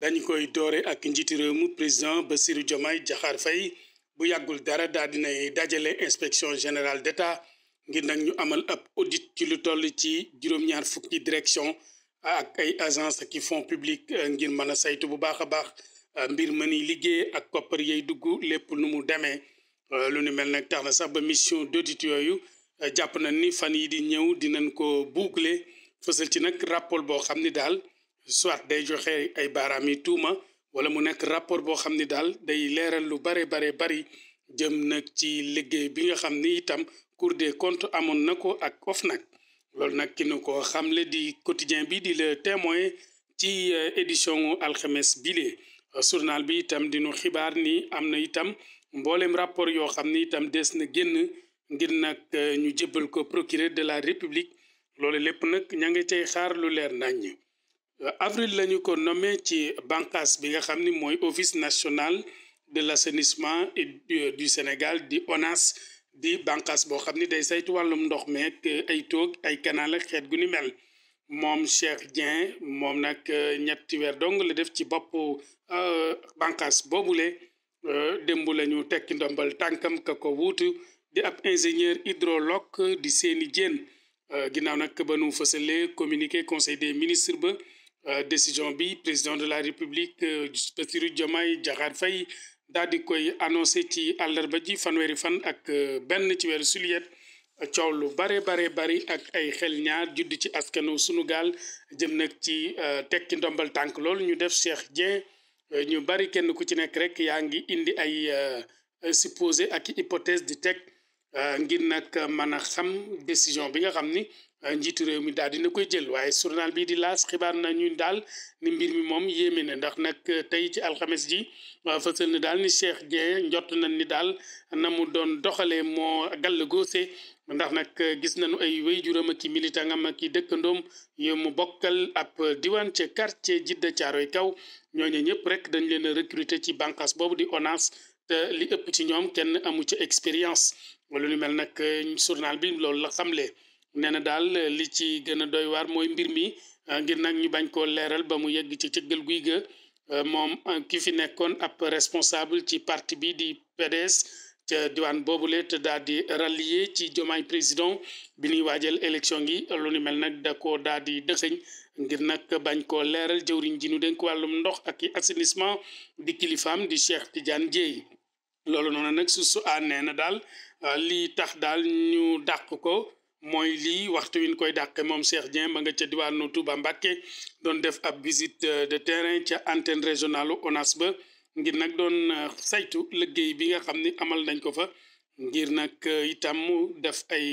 dañ koy doore ak njiitu mu président Bassirou Diomaye Diakhar fay bu yàggul dara daal dinay dajale inspection général d'État ngir nag ñu amal ab audit ci lu toll ci juróom-ñaar fukki direction ak ay agence ki fonds public euh, ngir mën a saytu bu baax a baax euh, mbir ma ni liggéey ak koppar yay dugg lépp nu mu demee euh, lu ni mel nag tax na sax ba mission d'audit yooyu jàpp na ni fan yi di ñëw dinañ ko boucler fësal ci nag rapport boo xam ni daal soit day joxe ay baaraam yi tuuma wala mu nekk rapport boo xam ni daal day leeral lu bare bare bari jëm nag ci liggéey bi nga xam ni itam Cour des comptes amoon na ko ak OFNAC loolu nag ki nu ko xamle di quotidien bi di le témoin ci euh, édition alxames bile journal bi itam dinu xibaar ni am na itam mboolem rapport yoo xam ni itam des na génn ngir nag euh, ñu jëbal ko procureur de la république loolu lépp nag ña ngi cay xaar lu leer naññ Euh, avril lañu ko nommé ci bànqaas bi nga xam ni mooy office national de l'assainissement et du euh, Sénégal di ONAS di bànqaas boo xam ni day saytu wàllum ndox meek euh, ay toog ay kanaal xeet gu ni mel moom Cheikh Dieng moom nag ñetti weer dong la def ci boppu bopp bànqaas boobule démb lañu tekki ndombal tànkam ka ko wuutu di ab ingénieur hydrologue di seeni jéen ginnaaw nag ba nu fësale communiqué conseil des ministres ba Euh, décision bi président de la république euh, Bassirou Diomaye Diakhar fay daal di koy annoncé ci àllarba ji fanweeri fan ak euh, benn ci weeru suliet coow lu bare bare bari ak ay xel ñaar judd ci askanu sunu gaal jëm nag ci tekki ndombal tànk loolu ñu def Cheikh Dieng ñu bari kenn ku ci nekk rek yaa ngi indi ay supposé ak hypothèse di teg ngir nag mën a xam décision bi nga xam ni njiitu réew mi daal dina koy jël waaye sournal bii di laas xibaar na ñu daal ni mbir mi moom yéeme na ndax nag euh, tey ci alxames ji waa euh, fësal na daal ni Cheikh Dieng njot nañ ni daal na mu doon doxalee moo gàll goose ndax nag euh, gis nañu ay wéyjuram ak i militant am ak i dëkkandoom yow mu bokkal ab diwaan ca quartier Jidda Caaroy Kaw ñooñu ñëpp rek dañ leen a recruter ci bànqaas boobu di ONAS te li ëpp ci ñoom kenn amu ci expérience lu mel nag journal bi loolu la xamle. nee na daal li ci gën a doy waar mooy mbir mi ah, ngir nag ñu bañ koo leeral ba mu yegg ci cëggal guy ga ah, moom ah, ki fi nekkoon ab responsable ci parti bi di PDS ca diwaan boobule te daal di rallier ci jomaay président bi ñuy waajal élection gi loolu mel nag da koo daal di dëxëñ ngir nag bañ koo leeral jëwriñ ji ñu dénk wàllum ndox ak i assainissement di kilifam di Cheikh Tidiane Dieye loolu noonu nag su su nee na daal li tax daal ñu dàq ko mooy lii waxtu win koy dàqe moom Cheikh Dieng ba nga ca diwaanu Touba Mbacké doon def ab visite euh, de terrain ca antenne régionale ONAS ba ngir nag doon euh, saytu liggéey bi nga xam ni amal nañ ko fa ngir nag euh, itam def ay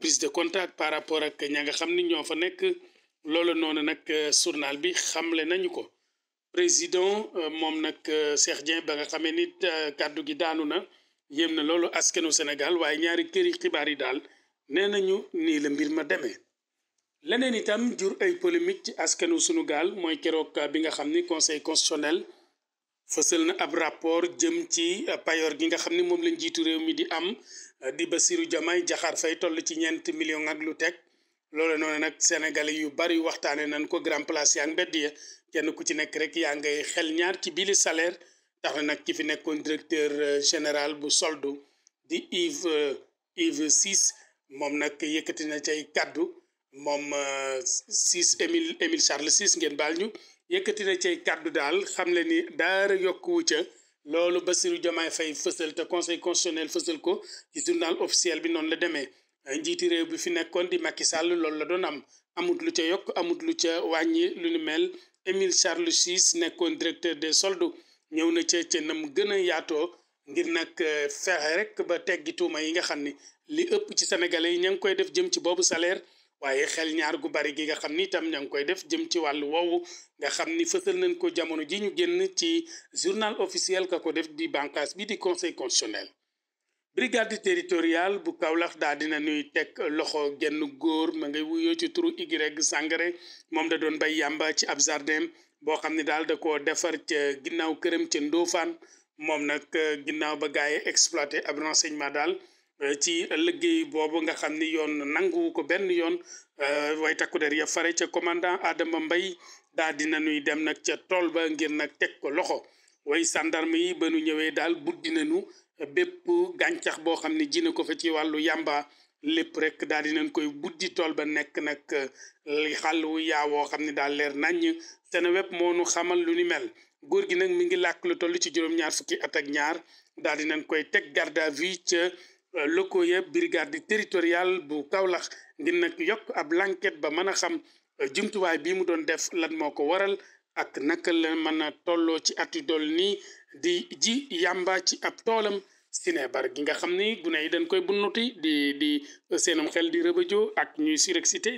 prise de contact par rapport ak ña nga xam ni ñoo fa nekk loolu noone nag sournal bi xamle nañu ko président moom nag Cheikh Dieng ba nga xamee ni kàddu gi daanu na yéem na loolu askanu Sénégal waaye ñaari këri xibaar yi daal nee nañu nii la mbir ma demee leneen itam jur ay polémique ci askanu sunu gaal mooy keroog bi nga xam ni conseil constitutionnel fësal na ab rapport jëm ci payoor gi nga xam ni moom lañ jiitu réew mi di am di Bassirou Diomaye Diakhar Faye toll ci ñeent million ak lu teg loolu noonu nag sénégalais yu bari waxtaane nañ ko grand place yaa mbedd ya kenn ku ci nekk rek yaa ngay xel ñaar ci bili salaire tax na nag ki fi nekkoon directeur général bu soldu di Yves euh, moom nag yëkkati na cay kàddu moom euh, six Émile Émile Charles six ngeen baal ñu yëkkati na cay kàddu daal xam le ni daara yokkuwu ca loolu Bassirou Diomaye fay fësal te conseil constitutionnel fësal ko ci journal officiel bi noonu la demee euh, njiiti réew bi fi nekkoon di Macky Sall loolu la doon am amut lu ca yokk amut lu ca wàññi lu ni mel Émile Charles six nekkoon directeur des soldes ñëw na ca ca na mu gën a yaatoo ngir nag euh, fexe rek ba teggi tuuma yi nga xam ni li ëpp ci sénégalais yi ña ngi koy def jëm ci boobu salaire waaye xel ñaar gu bari gi nga xam ni itam ña ngi koy def jëm ci wàllu woowu nga xam ni fësal nañ ko jamono ji ñu génn ci journal officiel ka ko def di bànqaas bi di conseil constitutionnel. brigade territoriale bu Kaolack daal dina ñuy teg loxo génn góor ma ngay wuyoo ci turu Igreg Sangaré moom da doon bay yàmba ci ab jardin boo xam ne daal da koo defar ca ginnaaw këram ca Ndofane moom nag ginnaaw ba gaay exploité ab renseignement daal. Euh, ci liggéey boobu nga xam ni yoon nanguwu ko benn yoon euh, way takku der ya fare ca commandant Adama Mbaye daal dina nuy dem nag ca tool ba ngir nag teg ko loxo way sandarme yi ba nu ñëwee daal buddi nañu bépp gàncax boo xam ni ji ko fa ci wàllu yàmba lépp rek daal dinañ koy buddi tool ba nekk nag euh, li xàll wu yaawoo xam ni daal leer naññ seen web moo nu xamal lu ni mel góor gi nag mu ngi làkk lu toll ci juróom-ñaar fukki at ak ñaar daal dinañ koy teg garde Euh, locaux ya brigade territoriale bu kawlax ngir nag yokk ab lanket ba mën a xam euh, jumtuwaay bi mu doon def lan moo ko waral ak naka la mën a tolloo ci at yu nii di ji yàmba ci ab toolam sinebar gi nga xam ni gune yi dañ koy bunnuti di di seenam xel di rëbëjoo ak ñuy surexcité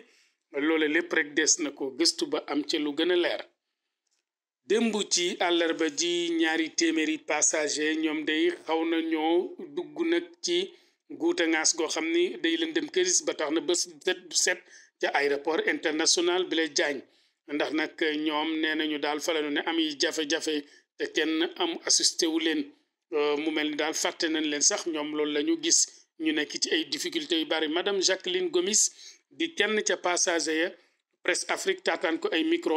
loole lépp rek des na ko gëstu ba am ci lu gën a leer démb ci àllarba ji ñaari téeméeri passager ñoom day xaw na ñoo dugg nag ci guuta ngaas goo xam ni day leen dem këris ba tax na bés set bu set ca aéroport international Blaise Diagne ndax nag ñoom nee nañu daal fa lañu ne am yi jafe-jafe te kenn am assisté wu leen euh, mu mel ni daal fàtte nañ leen sax ñoom loolu lañu gis ñu nekki ci ay difficultés yu bari madame Jacqueline Gomis di kenn ca passager ya Presse Afrique taataan ko ay micro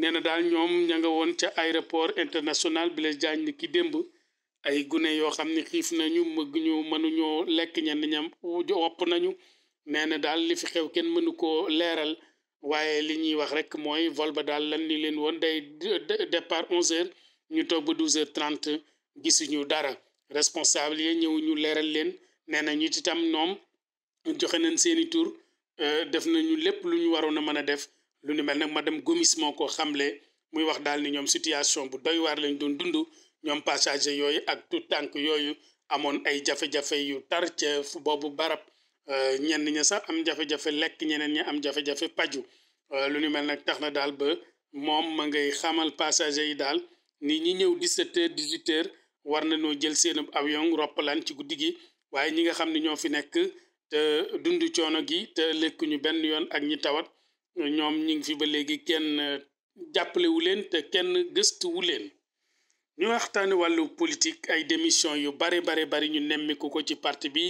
nee na daal ñoom ña nga woon ca aéroport international Blaise Diagne ni ki démb ay gune yoo xam ne xiif nañu mëgg ñu mënuñoo lekk ñenn ñam wopp nañu nee na daal li fi xew kenn mënu koo leeral waaye li ñuy wax rek mooy vol ba daal lan ni leen woon day départ onze heures ñu toog ba douze trente gisuñu dara responsable yi ñëwuñu leeral leen nee na ñu itam noom joxe nañ seeni tur euh, def nañu lépp lu ñu waroon a mën a def lu ni mel nag dem Gomis moo ko xamle muy wax daal ni ñoom situation bu doy waar lañu doon dund ñoom passager yooyu ak tout tànk yooyu amoon ay jafe-jafe yu tar ca fu boobu barab euh, ñenn ña sax am jafe-jafe lekk ñeneen ña am jafe-jafe paju euh, lu ni mel nag tax na daal ba moom ma ngay xamal passager yi daal ni ñi ñëw 17 heures 18 heures war nañoo jël seen avion roppalaan ci guddi gi waaye ñi nga xam ne ñoo fi nekk te dund coono gi te lekkuñu benn yoon ak ñi tawat ñoom ñu ngi fi ba léegi kenn euh, jàppalewu leen te kenn gëstuwu leen ñu waxtaane wàllu politique ay démission yu bare bare bari ñu nemmiku ko ci parti bi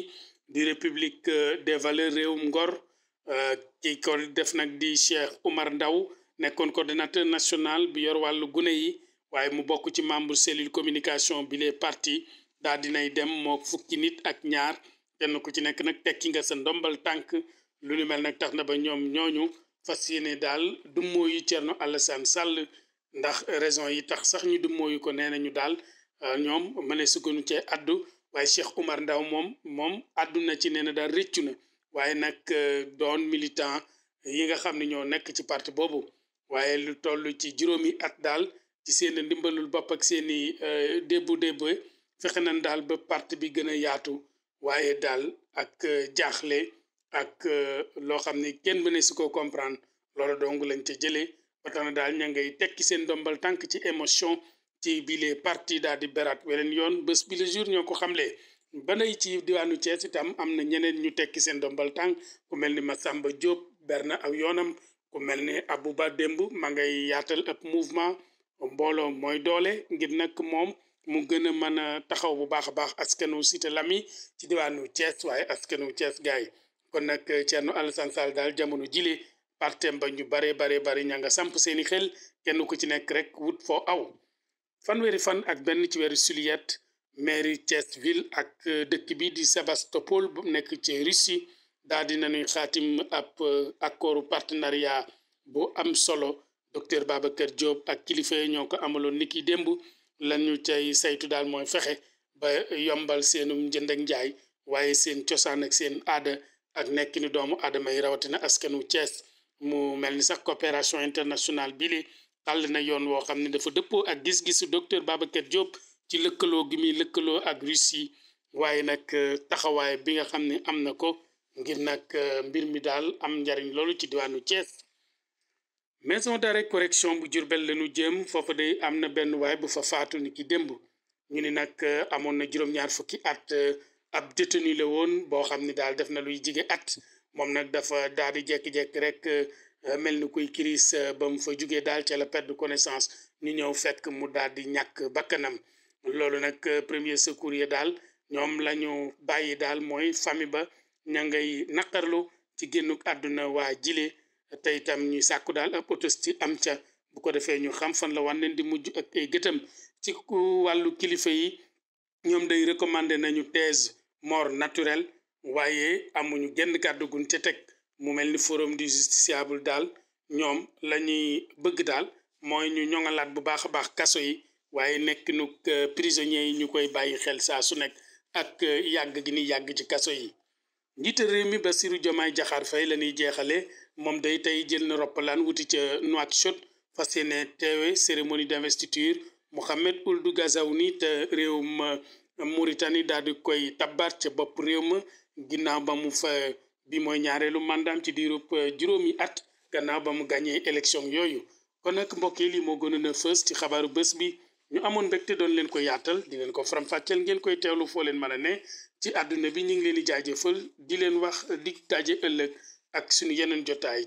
di république euh, des valeurs réewum ngor euh, ki ko def nag di Cheikh Oumar Ndaw nekkoon coordonnateur national bi yor wàllu gune yi waaye mu bokk ci membre cellule communication bi les parti daal dinay dem moo fukki nit ak ñaar kenn ku ci nekk nag tekki nga sa ndombal tànk lu nu mel nag tax na ba ñoom ñooñu fas yéene daal dummóoyu Thierno Alassane Sall ndax raison yi tax sax ñu dummóoyu ko nee nañu daal euh, ñoom mëne sukkandu cee àddu waaye Cheikh Oumar Ndaw moom moom àdduna ci nee na daal rëccu na waaye nag euh, doon militant yi nga xam ni ñoo nekk ci parti boobu waaye lu toll ci juróomi at daal ci seeni ndimbalul bopp ak seen i euh, débbu débbu fexe nañ daal ba parti bi gën a yaatu waaye daal ak jaaxle ak euh, loo xam ne kenn ne su ko comprendre loolu dong lañ ca jëlee ba na daal ña ngay tekki seen dombal tànk ci émotion ci bile partie daal di beraat weleen yoon bés bi le jour ñoo ko xamle ba nay ci diwaanu Thiès itam am na ñeneen ñu tekki seen dombal tànk ku mel ni Massamba Diop ber na aw yoonam ku mel ni Abouba Demb ma ngay yaatal ab mouvement mbooloo mooy doole ngir nag moom mu gën a mën a taxaw bu baax a baax askanu Cité lami ci diwaanu Thiès waaye askanu Thiès gaay kon nag Thierno Alassane daal jamono jile partem ba ñu bare bare bare ña nga samp seeni xel kenn ku ci nekk rek wut foo aw fanweeri fan ak benn ci weeru juillet mairie Thiès ville ak euh, dëkk bi di Sébastopol bu nekk ci Russie daal di nañuy xaatim ab euh, accordu partenariat bu am solo docteur baba kër Diop ak kilifa yi ñoo ko amaloon niki démb lan ñu cay saytu daal mooy fexe ba yombal seenum njënd ak njaay waaye seen cosaan ak seen aada. ak nekkinu doomu aadama yi rawatina askanu cees mu mel ni sax coopération internationale bi li xàll na yoon woo xam ne dafa dëppoo ak gis-gisu docteur Babacar Diop ci lëkkaloo gi muy lëkkaloo ak Russie waaye nag euh, taxawaay bi nga xam ne am na ko ngir nag euh, mbir mi daal am njariñ loolu ci diwaanu Thiès maison d'arrêt correction bu Diourbel la ñu jëm foofa day am na benn waay bu fa faatu ni ki démb ñu ni nag euh, amoon na juróom-ñaar fukki at ab détenu la woon boo xam ni daal def na luy jige at moom nag dafa daal di jekki-jekki rek euh, mel ni kuy kiris euh, ba mu fa jugee daal ca la per de connaissance ñu ñëw fekk mu daal di ñàkk bakkanam loolu nag euh, premier secours yi daal ñoom la bàyyi daal mooy famille ba ña ngay naqarlu ci génnuk àdduna waa jile te itam ñuy sàkku daal ab ci am ca bu ko defee ñu xam fan la wan leen di mujj ak ay gëtam ci wàllu kilifa yi ñoom day recommandé nañu thèse mort naturel waaye amuñu genn kàddu gun ca teg mu mel ni forum du justiciable daal ñoom la ñuy bëgg daal mooy ñu ñoŋalaat bu baax a baax kaso yi waaye nekk nu euh, prisonniers yi ñu koy bàyyi xel saa su nekk ak euh, yàgg gi ni yàgg ci kaso yi njiite réew mi Bassirou Diomaye Diakhar Faye la ñuy jeexale moom day tey jël na roppalaan wuti ca Nouakchott fas yéene teewe cérémonie d'investiture Mohamed Ould Ghazouani te réewum Mauritanie daal di koy tabbaat ca bopp réew ma ginnaaw ba mu fa bi mooy ñaareelu mandaam ci diirub euh, juróomi at gannaaw ba mu gàñee élection yooyu kon nag mbokk yi lii moo gënoon a fës ci xabaaru bés bi ñu amoon mbégte doon leen ko yaatal di leen ko faram-fàcceel ngeen koy teelu foo leen mën a ne ci àdduna bi ñu ngi leen di jaajëfal di leen wax di daje ëllëg ak suñu yeneen jotaay